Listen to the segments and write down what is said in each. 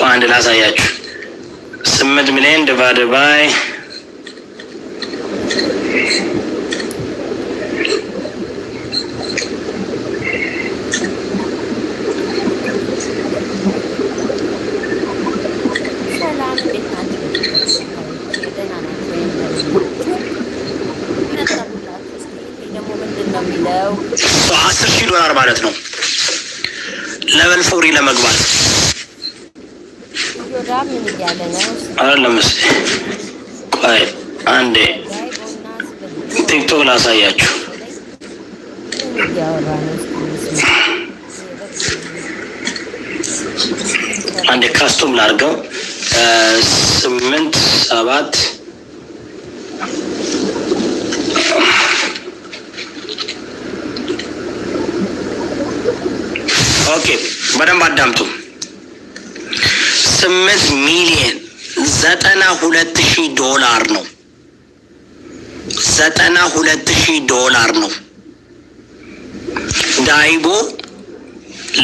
ቆይ አንድ ላሳያችሁ። ስምንት ሚሊዮን ዲቫይድ ባይ አስር ሺህ ዶላር ማለት ነው። ለበል ፎሪ ለመግባት አይደለም ቆይ አንዴ ቲክቶክ ላሳያችሁ። አንዴ ላድርገው። ስምንት ሰባት ኦኬ፣ በደንብ አዳምቱም ስምንት ሚሊየን ዘጠና ሁለት ሺ ዶላር ነው። ዘጠና ሁለት ሺ ዶላር ነው። ዳይቦ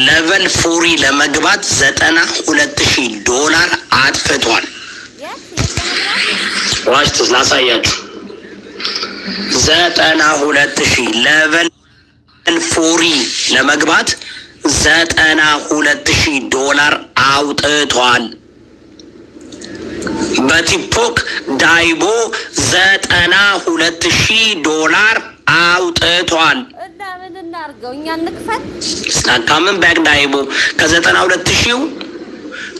ለቨል ፎሪ ለመግባት ዘጠና ሁለት ሺ ዶላር አጥፍቷል። ዋሽቱስ ላሳያችሁ። ዘጠና ሁለት ሺ ለቨል ፎሪ ለመግባት ዘጠና ሁለት ሺህ ዶላር አውጥቷል። በቲክቶክ ዳይቦ ዘጠና ሁለት ሺህ ዶላር አውጥቷል። ስናካምን ባክ ዳይቦ ከዘጠና ሁለት ሺው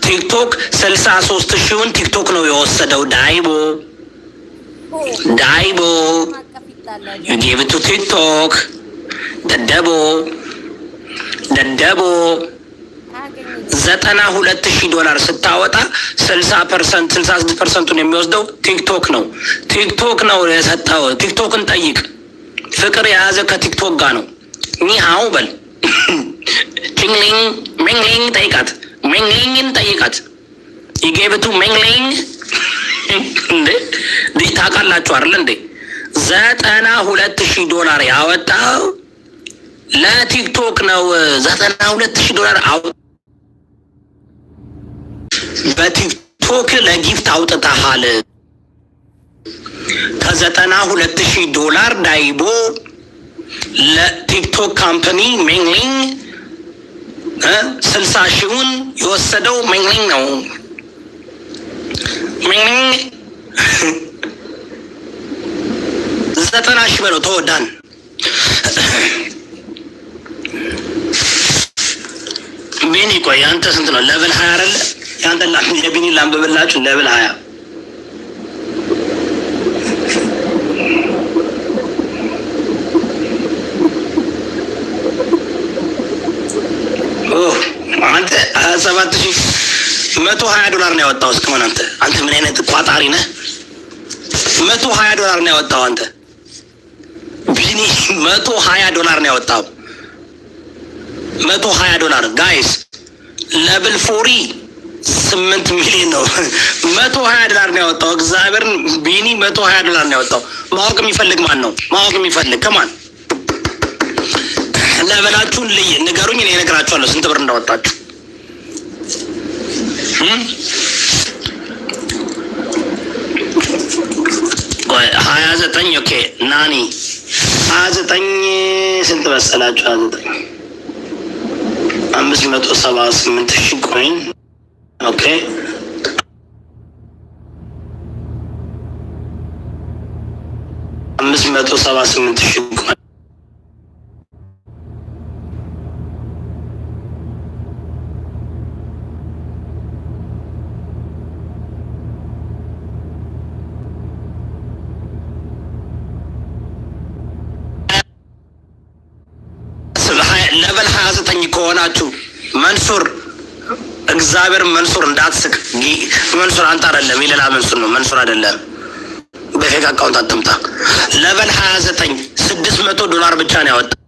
ቲክቶክ ስልሳ ሶስት ሺውን ቲክቶክ ነው የወሰደው። ዳይቦ ዳይቦ ዩጌብቱ ቲክቶክ ደደቦ ደደቦ ዘጠና ሁለት ሺህ ዶላር ስታወጣ ስልሳ ፐርሰንት ስልሳ ስድስት ፐርሰንቱን የሚወስደው ቲክቶክ ነው። ቲክቶክ ነው የሰጠው። ቲክቶክን ጠይቅ። ፍቅር የያዘ ከቲክቶክ ጋር ነው። ኒሃው በል ቺንግሊንግ ሚንግሊንግ ጠይቃት። ሚንግሊንግን ጠይቃት። ይጌብቱ ሚንግሊንግ እንዴ ታውቃላችሁ አይደል? እንዴ ዘጠና ሁለት ሺህ ዶላር ያወጣው ለቲክቶክ ነው ዘጠና ሁለት ሺህ ዶላር በቲክቶክ ለጊፍት አውጥተሃል። ከዘጠና ሁለት ሺህ ዶላር ዳይቦ ለቲክቶክ ካምፓኒ ሜንግሊንግ ስልሳ ሺውን የወሰደው ሜንግሊንግ ነው። ሜንግሊንግ ዘጠና ሺህ በለው ተወዳን ቢኒ ቆይ አንተ ስንት ነው? ለብል ሀያ አለ ያንተ የቢኒ ላንብብላችሁ። ለብል ሀያ አንተ ሀያ ሰባት ሺ መቶ ሀያ ዶላር ነው ያወጣው። እስከሆነ አንተ አንተ ምን አይነት ቋጣሪ ነህ? መቶ ሀያ ዶላር ነው ያወጣው አንተ ቢኒ መቶ ሀያ ዶላር ነው ያወጣው መቶ ሀያ ዶላር ጋይስ ለብል ፎሪ ስምንት ሚሊዮን ነው። መቶ ሀያ ዶላር ነው ያወጣው። እግዚአብሔርን ቢኒ መቶ ሀያ ዶላር ነው ያወጣው። ማወቅ የሚፈልግ ማን ነው? ማወቅ የሚፈልግ ከማን ለበላችሁን ልይ ንገሩኝ፣ እኔ እነግራችኋለሁ ስንት ብር እንዳወጣችሁ። ሀያ ዘጠኝ ኦኬ ናኒ ሀያ ዘጠኝ ስንት መሰላችሁ? ሀያ ዘጠኝ አምስት መቶ ሰባ ስምንት ሺ ኮይን ኦኬ አምስት መቶ ሰባ ስምንት ሺ ኮይን ለበል ሀያ ዘጠኝ ከሆናችሁ መንሱር እግዚአብሔር መንሱር እንዳትስቅ። መንሱር አንተ አይደለም የሌላ መንሱር ነው። መንሱር አደለም በፌክ አካውንት አትምጣ። ለበል ሀያ ዘጠኝ ስድስት መቶ ዶላር ብቻ ነው ያወጣ